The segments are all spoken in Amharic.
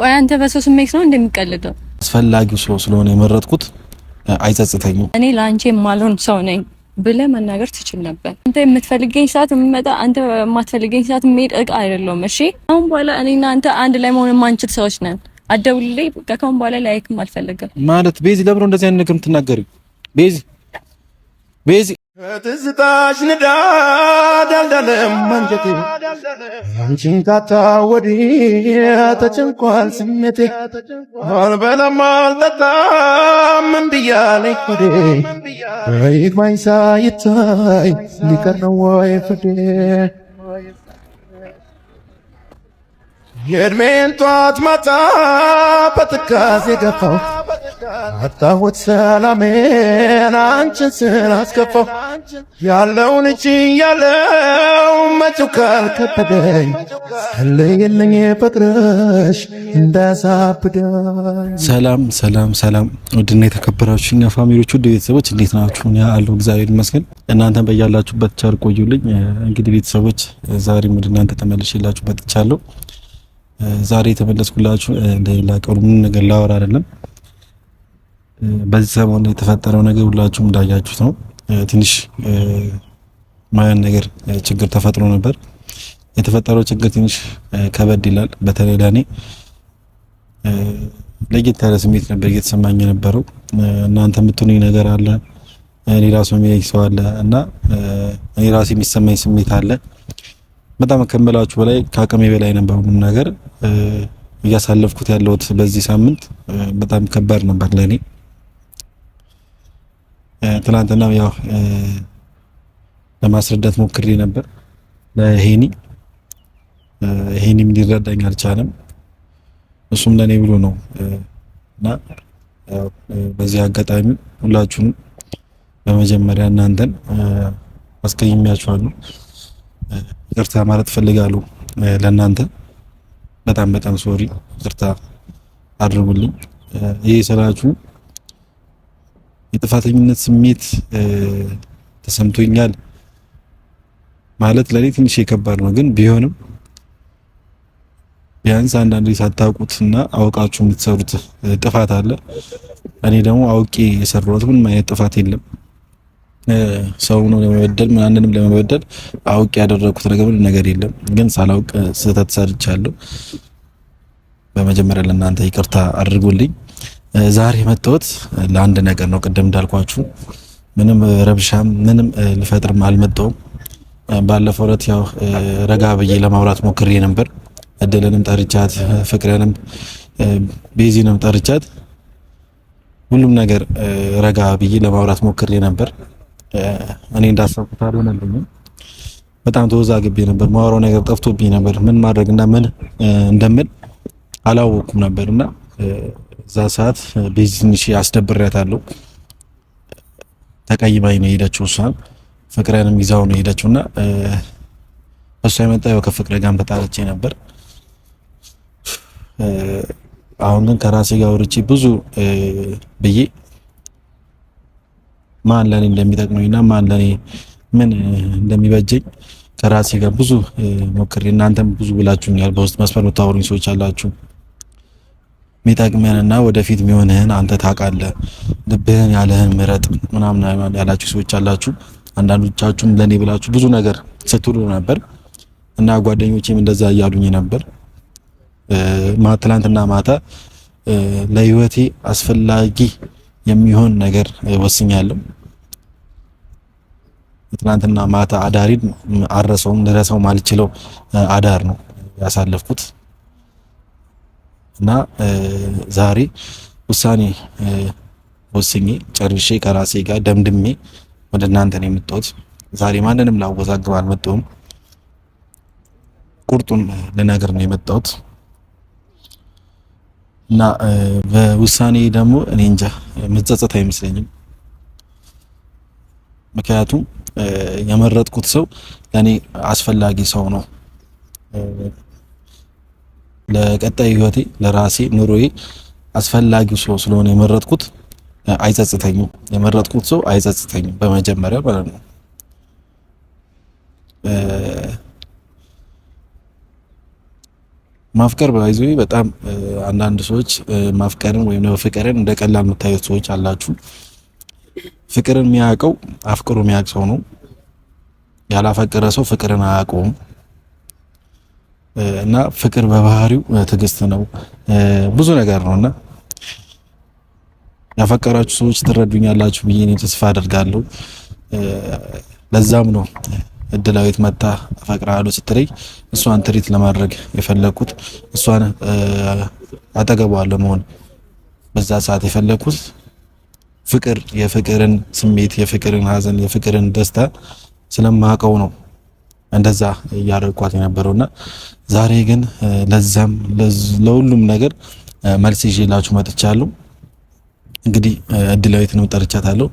ወይ አንተ በሰው ስሜት ነው እንደሚቀልደው። አስፈላጊው ሰው ስለሆነ የመረጥኩት አይጸጽተኝም። እኔ ለአንቺ የማልሆን ሰው ነኝ ብለህ መናገር ትችል ነበር። አንተ የምትፈልገኝ ሰዓት የምመጣ፣ አንተ የማትፈልገኝ ሰዓት የምሄድ እቃ አይደለሁም። እሺ አሁን በኋላ እኔና አንተ አንድ ላይ መሆን የማንችል ሰዎች ነን። አደውልልኝ በቃ ከአሁን በኋላ ላይክም አልፈለግም ማለት ቤዚ። ለብሮ እንደዚህ አይነት ነገር የምትናገሪው ቤዚ ቤዚ ከትዝታሽ ንዳድ አልዳለም አንጀቴ አንቺን ካጣ ወዲህ ተጨንቋል ስሜቴ አልበላም አልጠጣም እንብያለኝ ሆዴ ይግባኝ ሳይታይ ሊቀር ነው ወይ ፍዴ የዕድሜን ጧት ማታ በትካዜ ገፋው አጣሁት ሰላሜን አንቺን ስላስከፋው ያለውን እጅ ያለው መጨካል ከበደኝ ለየልኝ ፍቅርሽ እንዳሳብደኝ። ሰላም ሰላም ሰላም! ውድና የተከበራችሁ እኛ ፋሚሊዎች ውድ ቤተሰቦች እንዴት ናችሁ? እኔ እግዚአብሔር ይመስገን። እናንተን በያላችሁበት ቸር ቆዩልኝ። እንግዲህ ቤተሰቦች ዛሬም ወደ እናንተ ተመልሼላችሁ መጥቻለሁ። ዛሬ የተመለስኩላችሁ እንደሌላ ቀኑ ምንም ነገር ላወራ አይደለም በዚህ ሰሞን ላይ የተፈጠረው ነገር ሁላችሁም እንዳያችሁት ነው። ትንሽ ማያን ነገር ችግር ተፈጥሮ ነበር። የተፈጠረው ችግር ትንሽ ከበድ ይላል። በተለይ ለእኔ ለየት ያለ ስሜት ነበር እየተሰማኝ የነበረው። እናንተ የምትሆኑኝ ነገር አለ፣ እኔ ራሱ የሚለኝ ሰው አለ እና እኔ ራሴ የሚሰማኝ ስሜት አለ። በጣም ከምላችሁ በላይ ከአቅሜ በላይ ነበር ሁሉም ነገር። እያሳለፍኩት ያለሁት በዚህ ሳምንት በጣም ከባድ ነበር ለእኔ። ትላንትና ያው ለማስረዳት ሞክሬ ነበር ለሄኒ ሄኒም ሊረዳኝ አልቻለም። እሱም ለእኔ ብሎ ነው እና በዚህ አጋጣሚ ሁላችሁንም በመጀመሪያ እናንተን አስቀይሜያችኋለሁ ይቅርታ ማለት ፈልጋለሁ። ለእናንተ በጣም በጣም ሶሪ ይቅርታ አድርጉልኝ። ይህ ስራችሁ የጥፋተኝነት ስሜት ተሰምቶኛል ማለት ለኔ ትንሽ የከባድ ነው። ግን ቢሆንም ቢያንስ አንዳንዴ ሳታውቁትና አውቃችሁ የምትሰሩት ጥፋት አለ። እኔ ደግሞ አውቄ የሰራሁት ምን አይነት ጥፋት የለም። ሰው ነው ለመበደል ምናንንም ለመበደል አውቄ ያደረኩት ነገር ምንም ነገር የለም። ግን ሳላውቅ ስህተት ሰርቻለሁ። በመጀመሪያ ለእናንተ ይቅርታ አድርጉልኝ። ዛሬ የመጣሁት ለአንድ ነገር ነው። ቅድም እንዳልኳችሁ ምንም ረብሻም ምንም ልፈጥርም አልመጣሁም። ባለፈው ዕለት ያው ረጋ ብዬ ለማውራት ሞክሬ ነበር። እድልንም ጠርቻት፣ ፍቅርንም ቤዚንም ጠርቻት፣ ሁሉም ነገር ረጋ ብዬ ለማውራት ሞክሬ ነበር። እኔ እንዳሰብኩት አልሆነልኝም። በጣም ተወዛግቤ ነበር። ማውራው ነገር ጠፍቶብኝ ነበር። ምን ማድረግ እና ምን እንደምል አላወኩም ነበርና እዛ ሰዓት ቤዚ ትንሽ አስደብሬያታለሁ። ተቀይማኝ ነው የሄደችው። እሷን ፍቅረንም ይዛው ነው የሄደችው እና እሷ የመጣ ያው ከፍቅረ ጋር ተጣልቼ ነበር። አሁን ግን ከራሴ ጋር ወርቼ ብዙ ብዬ ማን ለኔ እንደሚጠቅመኝና ማን ለኔ ምን እንደሚበጀኝ ከራሴ ጋር ብዙ ሞክሬ እናንተም ብዙ ብላችሁኛል። በውስጥ መስመር የምታወሩኝ ሰዎች አላችሁ። የሚጠቅምህንና ወደፊት የሚሆንህን አንተ ታውቃለህ። ልብህን ያለህን ምረጥ ምናምን ያላችሁ ሰዎች አላችሁ። አንዳንዶቻችሁም ለእኔ ብላችሁ ብዙ ነገር ስትሉ ነበር እና ጓደኞቼም እንደዛ እያሉኝ ነበር። ትናንትና ማታ ለህይወቴ አስፈላጊ የሚሆን ነገር ወስኛለሁ። ትናንትና ማታ አዳሪን አረሰውም ልረሳውም አልችለው አዳር ነው ያሳለፍኩት። እና ዛሬ ውሳኔ ወስኜ ጨርሼ ከራሴ ጋር ደምድሜ ወደ እናንተ ነው የመጣሁት። ዛሬ ማንንም ላወዛግብ አልመጣሁም። ቁርጡን ልነግር ነው የመጣሁት እና በውሳኔ ደግሞ እኔ እንጃ መጸጸት አይመስለኝም። ምክንያቱም የመረጥኩት ሰው ለእኔ አስፈላጊ ሰው ነው። ለቀጣይ ህይወቴ ለራሴ ኑሮዬ አስፈላጊው ሰው ስለሆነ የመረጥኩት አይጸጽተኝም። የመረጥኩት ሰው አይጸጽተኝም በመጀመሪያ ማለት ነው። ማፍቀር ባይዞ በጣም አንዳንድ ሰዎች ማፍቀርን ወይም ፍቅርን እንደ ቀላል የምታዩት ሰዎች አላችሁ። ፍቅርን የሚያውቀው አፍቅሮ የሚያውቅ ሰው ነው። ያላፈቀረ ሰው ፍቅርን አያውቀውም። እና ፍቅር በባህሪው ትዕግስት ነው፣ ብዙ ነገር ነው እና ያፈቀራችሁ ሰዎች ትረዱኛላችሁ ብዬ እኔ ተስፋ አደርጋለሁ። ለዛም ነው እድላዊት መጣ አሉ ስትለይ እሷን ትሪት ለማድረግ የፈለኩት እሷን አጠገቧ ለመሆን በዛ ሰዓት የፈለኩት ፍቅር የፍቅርን ስሜት የፍቅርን ሐዘን የፍቅርን ደስታ ስለማውቀው ነው። እንደዛ የነበረው የነበረውና ዛሬ ግን ለዛም ለሁሉም ነገር መልስ ይዤላችሁ መጥቻለሁ። እንግዲህ እድላዊትንም ጠርቻታለሁ፣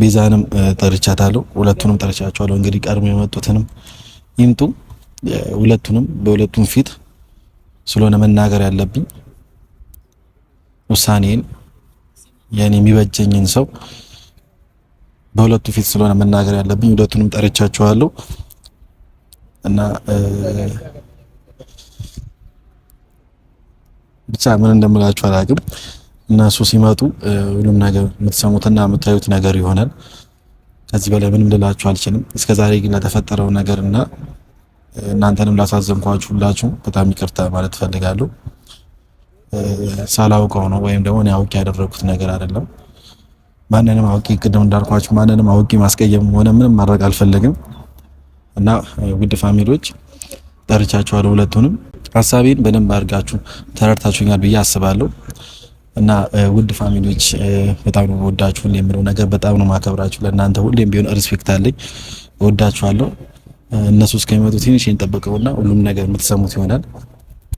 ቤዛንም ጠርቻታለሁ፣ ሁለቱንም ጠርቻቸዋለሁ። እንግዲህ ቀድሞ የመጡትንም ይምጡ። ሁለቱንም በሁለቱም ፊት ስለሆነ መናገር ያለብኝ ውሳኔን የኔ የሚበጀኝን ሰው በሁለቱ ፊት ስለሆነ መናገር ያለብኝ ሁለቱንም ጠርቻቸዋለሁ። እና ብቻ ምን እንደምላችሁ አላውቅም። እነሱ ሲመጡ ሁሉም ነገር የምትሰሙትና የምታዩት ነገር ይሆናል። ከዚህ በላይ ምንም ልላችሁ አልችልም። እስከ ዛሬ ግን ለተፈጠረው ነገር እና እናንተንም ላሳዘንኳችሁ ሁላችሁ በጣም ይቅርታ ማለት እፈልጋለሁ። ሳላውቀው ነው ወይም ደግሞ እኔ አውቄ ያደረግኩት ነገር አይደለም። ማንንም አውቄ ቅድም እንዳልኳችሁ ማንንም አውቄ ማስቀየም ሆነ ምንም ማድረግ አልፈለግም። እና ውድ ፋሚሊዎች ጠርቻችኋለሁ። ሁለቱንም ሀሳቤን በደንብ አድርጋችሁ ተረድታችሁኛል ብዬ አስባለሁ። እና ውድ ፋሚሊዎች በጣም ነው ወዳችሁ ሁሌ የምለው ነገር በጣም ነው ማከብራችሁ። ለእናንተ ሁሌም ቢሆን ሪስፔክት አለኝ፣ ወዳችኋለሁ። እነሱ እስከሚመጡ ትንሽ እንጠብቀውና ሁሉም ነገር የምትሰሙት ይሆናል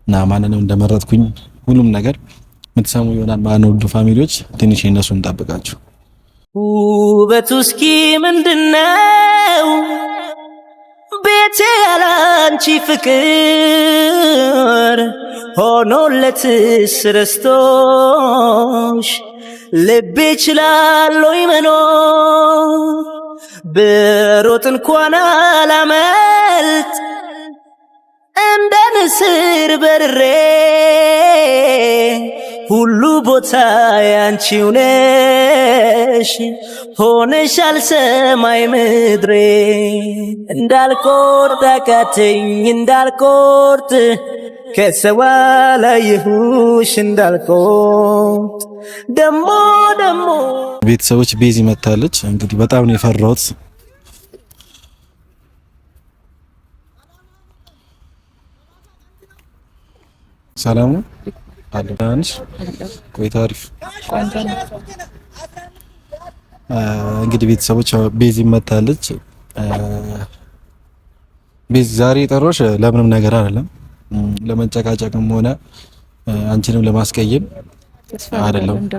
እና ማንንም እንደመረጥኩኝ ሁሉም ነገር የምትሰሙ ይሆናል ማለት ነው። ውድ ፋሚሊዎች ትንሽ እነሱ እንጠብቃችሁ። ውበቱ እስኪ ምንድነው? ቤቴ ያላንቺ ፍቅር ሆኖለት ስረስቶሽ ልቤ ችላለይ መኖር ብሮጥ እንኳን አላመልጥ እንደ ንስር በርሬ ሁሉ ቦታ ያንቺው ነሽ ሆነሻል ሰማይ ምድሬ። እንዳልቆርጥ አቃተኝ እንዳልቆርጥ ከሰዋ ላይ ይሁሽ እንዳልቆርጥ ደሞ ደሞ ቤተሰቦች ቤዚ መታለች። እንግዲህ በጣም ነው የፈራሁት። ሰላም ነው አለሽ ቆይታ አሪፍ እንግዲህ ቤተሰቦች ቤዚ መታለች። ቤዚ ዛሬ ጠሮሽ ለምንም ነገር አይደለም፣ ለመንጨቃጨቅም ሆነ አንቺንም ለማስቀየም አይደለም። ተስፋ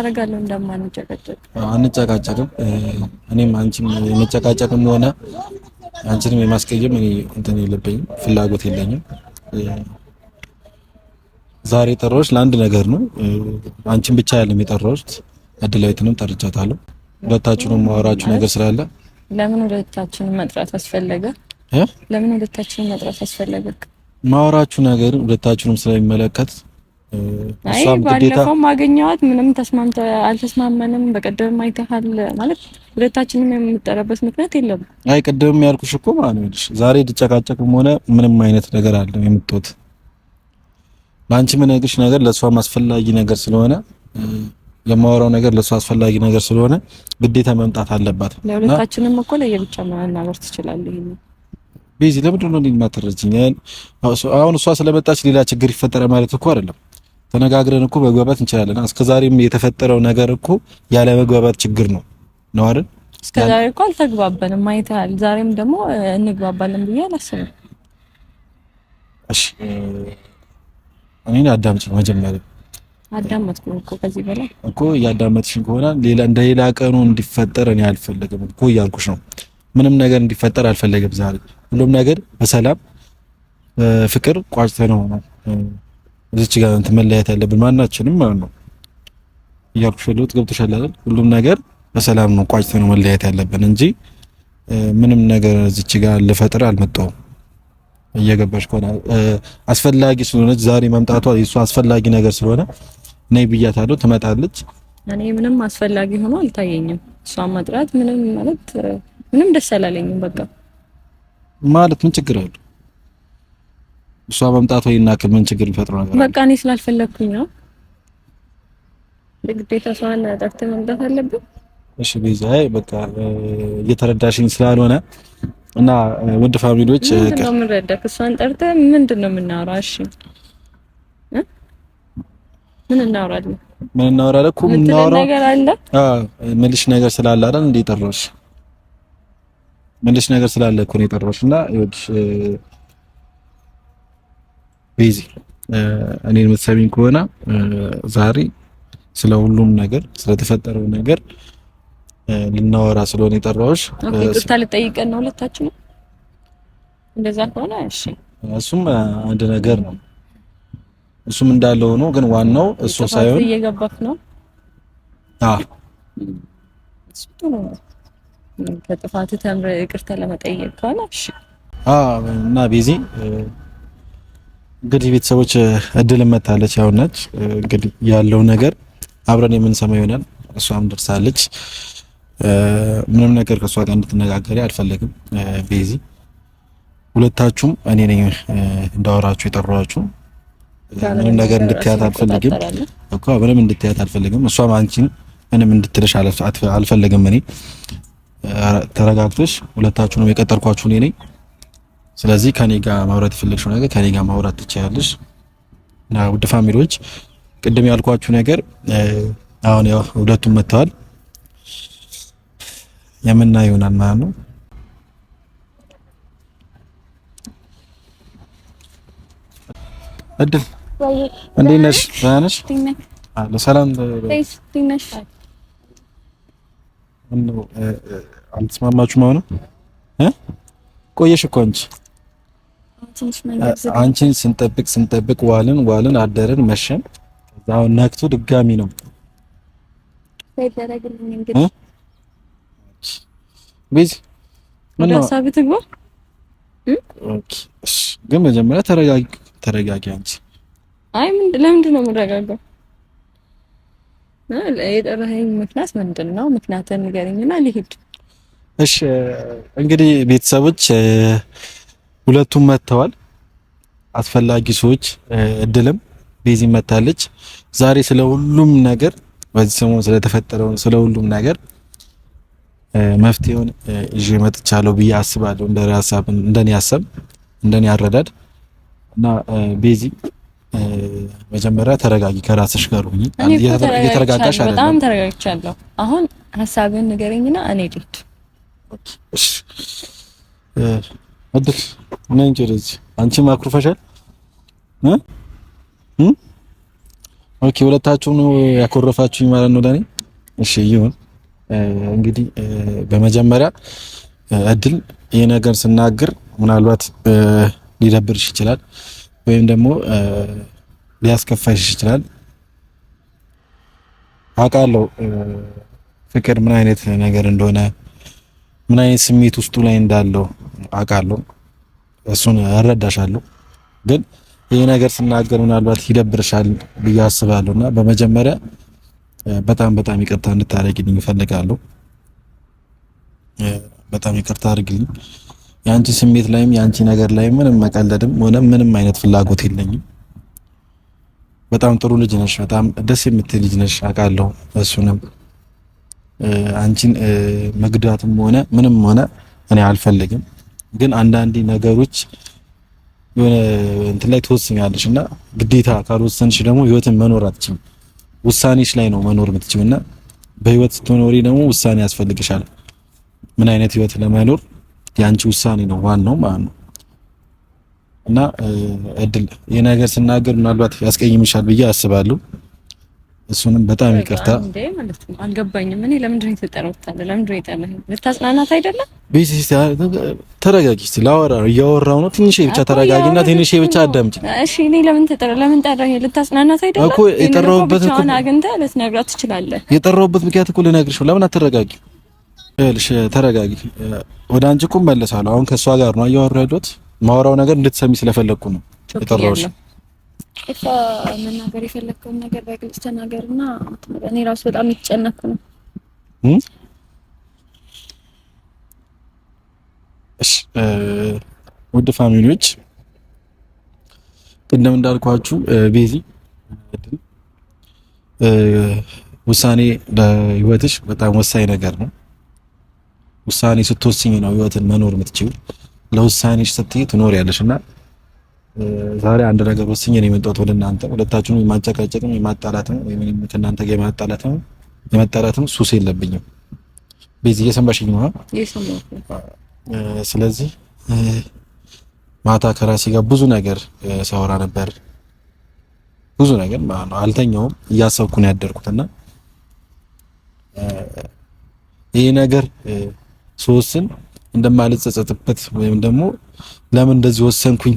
አደርጋለሁ እንደማንጨቃጨቅ። አንጨቃጨቅም። እኔም አንቺም የመጨቃጨቅም ሆነ አንቺንም የማስቀየም እኔ እንትን የለብኝም፣ ፍላጎት የለኝም። ዛሬ የጠራሁሽ ለአንድ ነገር ነው። አንቺን ብቻ ያለም የጠራሁሽ እድላዊትንም ጠርቻታለሁ። ሁለታችሁንም ማወራችሁ ነገር ስላለ። ለምን ሁለታችንን መጥራት አስፈለገ? ለምን ሁለታችንን መጥራት አስፈለገ? ማወራችሁ ነገር ሁለታችሁንም ስለሚመለከት አይ ባለፈው ማገኘዋት ምንም ተስማምተ አልተስማመንም። በቀደም አይተሃል ማለት ሁለታችንም የምጠራበት ምክንያት የለም። አይ ቀደም ያልኩሽ እኮ ማለት ዛሬ ድጨቃጨቅም ሆነ ምንም አይነት ነገር አለ የምትወት ለአንቺ የምነግርሽ ነገር ለእሷም አስፈላጊ ነገር ስለሆነ የማወራው ነገር ለእሷ አስፈላጊ ነገር ስለሆነ ግዴታ መምጣት አለባት። ለሁለታችንም እኮ ለየብቻ መናገር ትችላለህ። ይሄን ቤዚ ለምንድን ነው እንደዚህ የማትረጂኝ? አሁን እሷ ስለመጣች ሌላ ችግር ይፈጠረ ማለት እኮ አይደለም። ተነጋግረን እኮ መግባባት እንችላለን። እስከዛሬም የተፈጠረው ነገር እኮ ያለ መግባባት ችግር ነው ነው አይደል? እስከዛሬ እኮ አልተግባባንም አይተሃል። ዛሬም ደግሞ እንግባባለን ብዬ አላስብም። እሺ እኔን አዳምጪ መጀመሪያ አዳመጥኩ እኮ ከዚህ በላይ እኮ እያዳመጥሽኝ ከሆነ ሌላ እንደ ሌላ ቀኑ እንዲፈጠር እኔ አልፈለግም እኮ እያልኩሽ ነው። ምንም ነገር እንዲፈጠር አልፈለግም። ዛሬ ሁሉም ነገር በሰላም ፍቅር ቋጭተ ነው እዚች ጋር መለያየት ያለብን ማናችንም ማለት ነው እያልኩሽ ያለሁት ገብቶሻል አይደል? ሁሉም ነገር በሰላም ነው ቋጭተ ነው መለያየት ያለብን እንጂ ምንም ነገር እዚች ጋር ልፈጥር አልመጣሁም። እየገባሽ ከሆነ አስፈላጊ ስለሆነች ዛሬ መምጣቷ የእሱ አስፈላጊ ነገር ስለሆነ ነይ ብያታለሁ። ትመጣለች። እኔ ምንም አስፈላጊ ሆኖ አልታየኝም። እሷን መጥራት ምንም ማለት ምንም ደስ አላለኝም። በቃ ማለት ምን ችግር አለው? እሷ መምጣቷ ይናክል ምን ችግር ይፈጥረው ነገር? በቃ እኔ ስላልፈለግኩኝ ነው ግዴታ እሷን ጠርተህ መምጣት አለብን። እሺ ቤዛ፣ በቃ እየተረዳሽኝ ስላልሆነ እና ውድ ፋሚሊዎች ምንድነው እሷን ጠርተህ ምንድነው እሺ ምን እናወራለን? ምን እኮ ነገር አለ። አዎ ነገር ስላለ አይደል እንዴ ጠራሽ? ምልሽ ነገር ስላለ እኮ ነው የጠራሽ። እና ይኸውልሽ ቤዚ እኔን የምትሰሚኝ ከሆነ ዛሬ ስለ ሁሉም ነገር ስለተፈጠረው ነገር ልናወራ ስለሆነ የጠራሁሽ። ይቅርታ ልጠይቀን ነው ሁለታችሁ ነው? እንደዛ ከሆነ እሺ፣ እሱም አንድ ነገር ነው። እሱም እንዳለ ሆኖ ግን ዋናው እሱ ሳይሆን እየገባክ ነው። አዎ እሱ ከጥፋት ተምረ ይቅርታ ለመጠየቅ ከሆነ እሺ። እና ቤዚ እንግዲህ ቤተሰቦች እድል መታለች፣ ያውነች ነች እንግዲህ ያለው ነገር አብረን የምንሰማ ይሆናል። እሷም ደርሳለች። ምንም ነገር ከእሷ ጋር እንድትነጋገሪ አልፈለግም። ቤዚ ሁለታችሁም እኔ ነኝ እንዳወራችሁ የጠሯችሁ። ምንም ነገር እንድትያት አልፈልግም እኮ ምንም እንድትያት አልፈልግም። እሷም አንቺን ምንም እንድትልሽ አልፈልግም። እኔ ተረጋግተሽ ሁለታችሁንም የቀጠርኳችሁ እኔ ነኝ። ስለዚህ ከኔ ጋር ማውራት የፈለግሽው ነገር ከኔ ጋር ማውራት ትችያለሽ። እና ውድ ፋሚሊዎች ቅድም ያልኳችሁ ነገር አሁን ያው ሁለቱም መጥተዋል። የምና ይሆናል ማለት ነው። እድል እንዴት ነሽ? ደህና ነሽ? አለ ሰላም ነሽ? አልተስማማችሁም? አሁን ቆየሽ እኮ አንቺ አንቺን ስንጠብቅ ስንጠብቅ ዋልን ዋልን አደርን መሸን። አሁን ነክቶ ድጋሚ ነው ቤዚ ግን መጀመሪያ ተረጋጊ ተረጋጊ። አንቺ አይ ለምንድን ነው የምረጋጋው? የጠራኸኝ ምክንያት ምንድን ነው? ምክንያትን ንገረኝና ልሂድ። እሺ እንግዲህ ቤተሰቦች ሁለቱም መጥተዋል። አስፈላጊ ሰዎች እድልም ቤዛ መታለች። ዛሬ ስለ ሁሉም ነገር በዚህ ሰሞን ስለተፈጠረው ስለ ሁሉም ነገር መፍትሄውን ይዤ መጥቻለሁ ብዬ አስባለሁ። እንደ ሀሳብ እንደኔ ሀሳብ እንደኔ አረዳድ እና ቤዚ መጀመሪያ ተረጋጊ፣ ከራስሽ ጋር ሁኚ። እየተረጋጋሽ አይደለም? በጣም ተረጋግቻለሁ። አሁን ሀሳብህን ንገረኝና እኔ ልሂድ። እሺ አድር ምን እንጨረጅ አንቺም አኩርፈሻል ኦኬ ሁለታችሁ ነው ያኮረፋችሁኝ ማለት ነው ለኔ። እሺ ይሁን እንግዲህ በመጀመሪያ እድል ይህ ነገር ስናገር ምናልባት ሊደብርሽ ይችላል፣ ወይም ደግሞ ሊያስከፋሽ ይችላል። አውቃለሁ ፍቅር ምን አይነት ነገር እንደሆነ ምን አይነት ስሜት ውስጡ ላይ እንዳለው አውቃለሁ። እሱን እረዳሻለሁ። ግን ይህ ነገር ስናገር ምናልባት ይደብርሻል ብዬ አስባለሁ እና በመጀመሪያ በጣም በጣም ይቅርታ እንድታደርግልኝ እፈልጋለሁ። በጣም ይቅርታ አድርግልኝ። የአንቺ ስሜት ላይም የአንቺ ነገር ላይም ምንም መቀለድም ሆነ ምንም አይነት ፍላጎት የለኝም። በጣም ጥሩ ልጅ ነሽ። በጣም ደስ የምትል ልጅ ነሽ አውቃለሁ። እሱንም አንቺን መግዳትም ሆነ ምንም ሆነ እኔ አልፈልግም። ግን አንዳንድ ነገሮች የሆነ እንትን ላይ ትወስኛለሽ እና ግዴታ ካልወሰንሽ ደግሞ ህይወትን መኖር አትችልም። ውሳኔሽ ላይ ነው መኖር የምትችይው እና በህይወት ስትኖሪ ደግሞ ውሳኔ ያስፈልግሻል። ምን አይነት ህይወት ለመኖር የአንቺ ውሳኔ ነው ዋናው ማለት ነው። እና እድል ይህ ነገር ስናገር ምናልባት ያስቀይምሻል ብዬ አስባለሁ። እሱንም በጣም ይቅርታ አልገባኝም። እኔ ለምንድን ነው የተጠራሁት? ለምንድን ነው የጠራኸኝ? ልታጽናናት አይደለም? ቤት ተረጋጊ እስኪ፣ ላወራ እያወራሁ ነው። ትንሽ ብቻ ተረጋጊና ትንሽ ብቻ አዳምጭ። እሺ፣ እኔ ለምን ተጠራ? ለምን ጠራኸኝ? ልታጽናናት አይደለም እኮ የጠራሁበት። እኮ አግኝተህ ልትነግራት ትችላለህ። የጠራሁበት ምክንያት እኮ ልነግርሽ ለምን አትረጋጊ? እልሽ ተረጋጊ። ወደ አንቺ እኮ እመለሳለሁ። አሁን ከእሷ ጋር ነው እያወራሁ ያለሁት። ማወራው ነገር እንድትሰሚ ስለፈለግኩ ነው የጠራሁሽ። ኤፋ መናገር የፈለግከውን ነገር በግልጽ ተናገር እና እኔ ራሱ በጣም የተጨነኩ ነው። እሺ ውድ ፋሚሊዎች ቅድም እንዳልኳችሁ ቤዚ ውሳኔ በህይወትሽ በጣም ወሳኝ ነገር ነው። ውሳኔ ስትወስኝ ነው ህይወትን መኖር የምትችይው። ለውሳኔሽ ስትይ ትኖሪያለሽ እና ዛሬ አንድ ነገር ወስኜ ነው የመጣሁት ወደ እናንተ። ሁለታችሁም የማጨቃጨቅም የማጣላትም ወይም ከእናንተ ጋር የማጣላትም የማጣላትም ሱስ የለብኝም። ቤዚ እየሰማሽኝ ነው? ስለዚህ ማታ ከራሴ ጋር ብዙ ነገር ሳወራ ነበር። ብዙ ነገር ማለት ነው። አልተኛውም፣ እያሰብኩ ነው ያደርኩትና ይህ ነገር ሶስን እንደማልጸጸጥበት ወይም ደግሞ ለምን እንደዚህ ወሰንኩኝ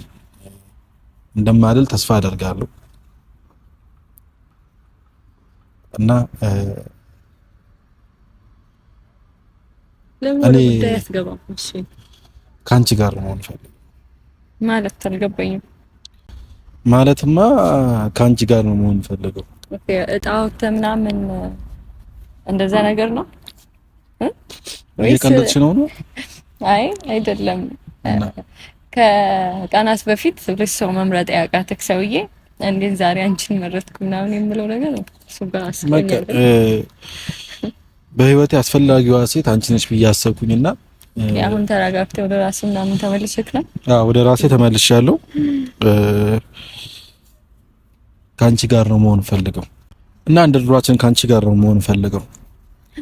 እንደማልል ተስፋ አደርጋለሁ እና እኔ ከአንቺ ጋር መሆን ፈልግ ማለት አልገባኝም። ማለትማ ከአንቺ ጋር ነው መሆን ፈልገው እጣውተ ምናምን እንደዛ ነገር ነው። እየቀለድሽ ነው ነው? አይ አይደለም። ከቀናት በፊት ብሶ መምረጥ ያቃተክ ሰውዬ እንዴት ዛሬ አንቺን መረጥኩ ምናምን የምለው ነገር ነው። እሱ ጋር አስቀኛለሁ። በህይወቴ አስፈላጊዋ ሴት አንቺ ነሽ ብዬ አሰብኩኝና አሁን ተረጋግተህ ወደ ራሴ ምናምን ተመልሰክ ነው? አዎ ወደ ራሴ ተመልሻለሁ። ከአንቺ ጋር ነው መሆን ፈልገው እና እንደ ድሯችን ከአንቺ ጋር ነው መሆን ፈልገው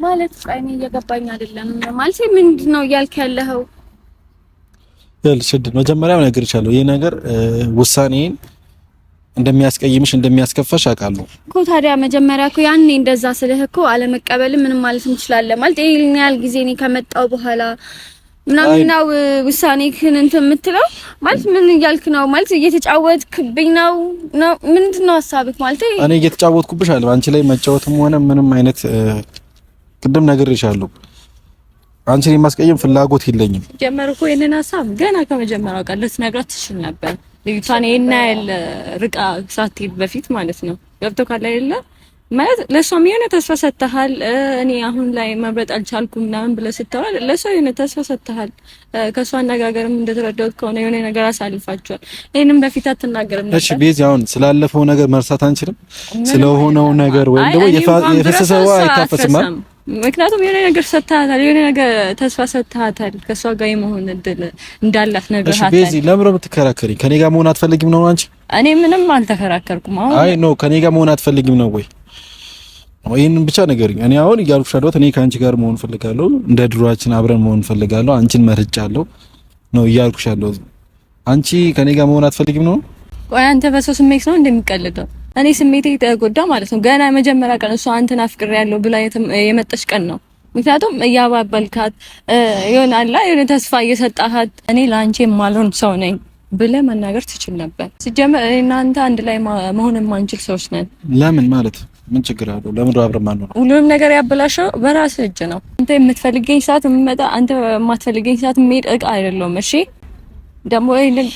ማለት እኔ እየገባኝ አይደለም ማለት ምንድን ነው እያልክ ያለኸው? ይኸውልሽ እድል መጀመሪያም ነግሬሻለሁ። ይህ ነገር ውሳኔን እንደሚያስቀይምሽ እንደሚያስከፋሽ አውቃለሁ እኮ። ታዲያ መጀመሪያ እኮ ያኔ እንደዛ ስልህ እኮ አለመቀበልም ምንም ማለት እንችላለን ማለት ይሄን ያህል ጊዜ እኔ ከመጣው በኋላ ምናምን ነው ውሳኔህን እንትን የምትለው ማለት ምን እያልክ ነው? ማለት እየተጫወትክብኝ ነው ነው ምንድን ነው ሀሳብህ? ማለት እኔ እየተጫወትኩብሽ አለ አንቺ ላይ መጫወትም ሆነ ምንም አይነት ቅድም ነግሬሻለሁ አንቺን የማስቀየም ፍላጎት የለኝም። ጀመር እኮ ይሄንን ሀሳብ ገና ከመጀመሪያው ቀን ልትነግራት ትችል ነበር። ልጅቷን ይሄና ያለ ርቃ ሳትሄድ በፊት ማለት ነው። ገብቶ ካለ አይደለ ማለት ለእሷም የሆነ ተስፋ ሰጥተሃል። እኔ አሁን ላይ መምረጥ አልቻልኩም ምናምን ብለህ ስትባል ለሷ የሆነ ተስፋ ሰጥተሃል። ከእሷ አነጋገርም እንደተረዳሁት ከሆነ የሆነ ነገር አሳልፋችኋል። ይህንም በፊት አትናገርም ነበር። እሺ ቤዚ፣ አሁን ስላለፈው ነገር መርሳት አንችልም። ስለሆነው ነገር ወይም ደግሞ የፈሰሰው አይታፈስም ምክንያቱም የሆነ ነገር ሰጥተሃታል፣ የሆነ ነገር ተስፋ ሰጥተሃታል። ከእሷ ጋር የመሆን እድል እንዳላት ነገር አታል። እሺ፣ ለምን የምትከራከሪ? ከኔ ጋር መሆን አትፈልጊም ነው አንቺ? እኔ ምንም አልተከራከርኩም። አሁን አይ ኖ ከኔ ጋር መሆን አትፈልጊም ነው ወይ? ይህን ብቻ ንገሪኝ። እኔ አሁን እያልኩሽ አይደል? እኔ ከአንቺ ጋር መሆን ፈልጋለሁ፣ እንደ ድሮአችን አብረን መሆን ፈልጋለሁ፣ አንቺን መርጫለሁ ነው እያልኩሽ አይደል? አንቺ ከኔ ጋር መሆን አትፈልጊም ነው? ቆይ አንተ በሰው ስሜት ነው እንደሚቀልደው እኔ ስሜቴ ተጎዳ ማለት ነው። ገና የመጀመሪያ ቀን እሷ አንተን አፍቅሬ ያለው ብላ የመጠች ቀን ነው። ምክንያቱም እያባበልካት ይሆናላ የሆነ ተስፋ እየሰጣሃት እኔ ለአንቺ የማልሆን ሰው ነኝ ብለህ መናገር ትችል ነበር። ሲጀመር እናንተ አንድ ላይ መሆን የማንችል ሰዎች ነን። ለምን ማለት ምን ችግር አለው? ለምን አብረን ማን ነው? ሁሉንም ነገር ያበላሸው በራስ እጅ ነው። አንተ የምትፈልገኝ ሰዓት የምመጣ፣ አንተ የማትፈልገኝ ሰዓት የምሄድ እቃ አይደለሁም። እሺ ደግሞ ይሄንን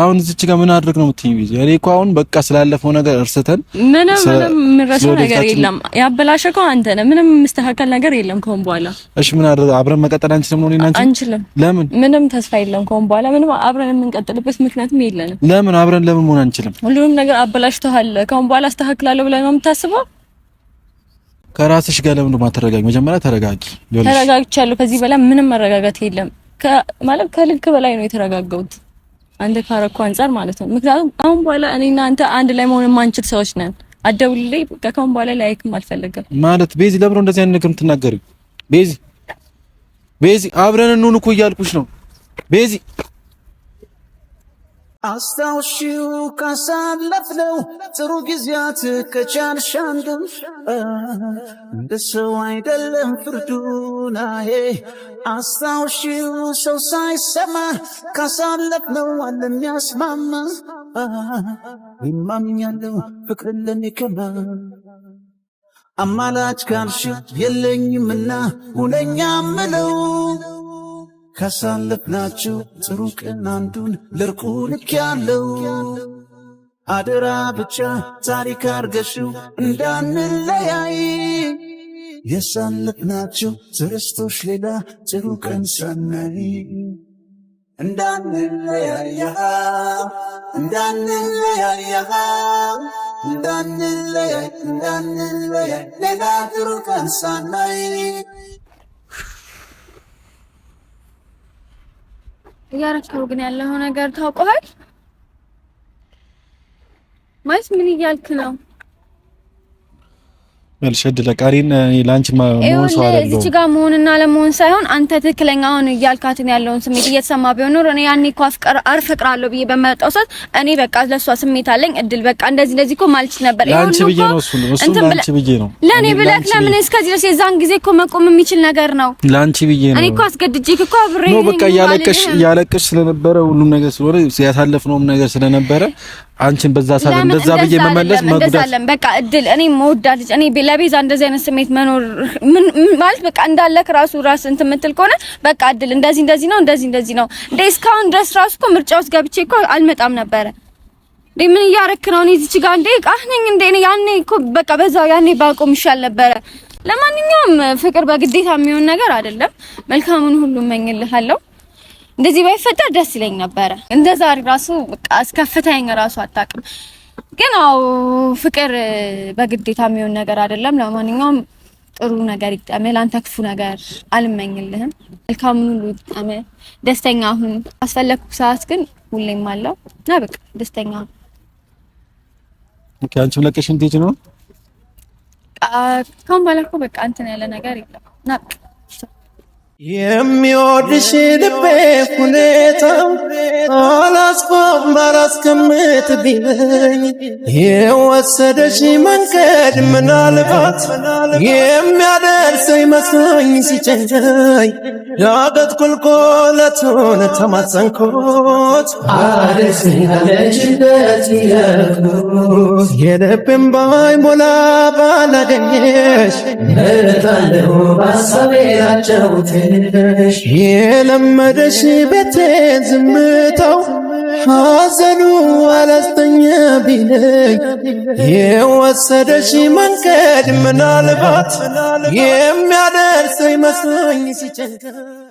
አሁን እዚች ጋር ምን አድርግ ነው የምትይኝ? ቢዚ እኔ እኮ አሁን በቃ ስላለፈው ነገር እርስተን ምንም ምንም የምንረሳው ነገር የለም። ያበላሸከው አንተ ነህ። ምንም የምስተካከል ነገር የለም ከሆን በኋላ እሺ፣ ምን አድርግ አብረን መቀጠል አንችልም ነው? እኔና አንቺ አንችልም። ለምን? ምንም ተስፋ የለም ከሆን በኋላ ምንም አብረን የምንቀጥልበት ምክንያትም የለንም። ለምን አብረን ለምን መሆን አንችልም? ሁሉንም ነገር አበላሽተሃል። ከሆን በኋላ አስተካክላለሁ ብለህ ነው የምታስበው? ከራስሽ ጋር ለምን ማትረጋጊ? መጀመሪያ ተረጋጊ። ተረጋግቻለሁ። ከዚህ በላይ ምንም መረጋጋት የለም። ማለት ከልክ በላይ ነው የተረጋጋሁት አንተ ካረኩ አንጻር ማለት ነው። ምክንያቱም አሁን በኋላ እኔና አንተ አንድ ላይ መሆን የማንችል ሰዎች ነን። አደውልልኝ በቃ ከአሁን በኋላ ላይክም አልፈለገም ማለት ቤዚ፣ ለብሮ እንደዚህ አይነት ነገር የምትናገሪው ቤዚ፣ ቤዚ አብረን እንሁን እኮ እያልኩሽ ነው ቤዚ አስታውሺው ካሳለፍነው ጥሩ ጊዜያት ከቻልሽ እንደሰው እንደ ሰው አይደለም ፍርዱና አስታውሺው ሰው ሳይሰማ ካሳለፍነው አለ የሚያስማማ ይማምኛለው ፍቅርን ከማ አማላጭ ካልሽ የለኝምና ሁነኛ ምለው ካሳለፍናችሁ ጥሩ ቀን አንዱን ለርቁ ልክ ያለው አደራ ብቻ ታሪክ አርገሽው እንዳንለያይ ያሳለፍናችሁ ትርስቶች ሌላ ጥሩ ቀን ሳናይ እንዳንለያያ እንዳንለያያ እንዳንለያይ እንዳንለያይ ሌላ ጥሩ ቀን ሳናይ እያረከው ግን ያለው ነገር ታውቀዋል ማለት ምን እያልክ ነው? መልሸድ ለቃሪን ላንች መሆን ሰው አይደለም። እዚህ ጋር መሆንና ለመሆን ሳይሆን አንተ ትክክለኛ አሁን እያልካትን ያለውን ስሜት እየተሰማ ቢሆን ኖሮ እኔ ያኔ እኮ አፍቀር አርፈቅራለሁ ብዬ በመጣው ሰዓት እኔ በቃ ለሷ ስሜት አለኝ እድል በቃ እንደዚህ እንደዚህ እኮ ማልች ነበር። ላንቺ ብዬ ነው እሱ እሱ ላንቺ ብዬ ነው ለኔ ብለክ ለምን እስከዚህ ድረስ የዛን ጊዜ እኮ መቆም የሚችል ነገር ነው። ላንች ብዬ ነው እኔ እኮ አስገድጄ እኮ አብሬ ነው በቃ ያለቀሽ ያለቀሽ ስለነበረ ሁሉም ነገር ስለሆነ ያሳለፍነውም ነገር ስለነበረ አንቺን በዛ ሳለ እንደዛ ብዬ መመለስ መጉዳት በቃ እድል እኔ መወዳት እኔ ለቤዛ እንደዚህ አይነት ስሜት መኖር ምን ማለት በቃ እንዳለ ራሱ ራስ እንትን የምትል ከሆነ በቃ እድል እንደዚህ እንደዚህ ነው እንደዚህ እንደዚህ ነው እንዴ እስካሁን ድረስ ራሱ እኮ ምርጫ ውስጥ ገብቼ እኮ አልመጣም ነበረ። እንዴ ምን እያረክ ነው? እኔ እዚህ ጋር እንዴ እቃ ነኝ እንዴ? እኔ ያኔ እኮ በቃ በዛው ያኔ ባቆም ይሻል ነበረ። ለማንኛውም ፍቅር በግዴታ የሚሆን ነገር አይደለም። መልካሙን ሁሉ እመኝልሃለሁ። እንደዚህ ባይፈጠር ደስ ይለኝ ነበረ። እንደዛ ራሱ በቃ አስከፍተኸኝ ራሱ አታውቅም። ግን አዎ ፍቅር በግዴታ የሚሆን ነገር አይደለም። ለማንኛውም ጥሩ ነገር ይግጠምህ። ለአንተ ክፉ ነገር አልመኝልህም። መልካሙን ሁሉ ይግጠምህ። ደስተኛ ሁን። አስፈለግኩ ሰዓት ግን ሁሌም አለው እና በቃ ደስተኛ ሁን። አንቺም ለቀሽ እንዴት ነው? ካሁን በኋላ እኮ በቃ እንትን ያለ ነገር የለም ና በቃ የሚወድሽ ልቤ ሁኔታ ሁኔታው አላስቆማር ቢለኝ የወሰደሽ መንገድ ምናልባት የሚያደርሰኝ ይመስለኝ ሲጨንቀኝ ዳገት ቁልቁለቱን ተማጸንኩት አለችበት ይለኩት የልብን ባይሞላ ባላገኘሽ መጣለሁ ባሳቤ ላጫውቴ የለመደሽ ቤቴን ዝምታው ሐዘኑ አላስተኛ ቢለኝ የወሰደሽ መንገድ ምናልባት የሚያደርሰኝ መስሎኝ ሲጨንቀኝ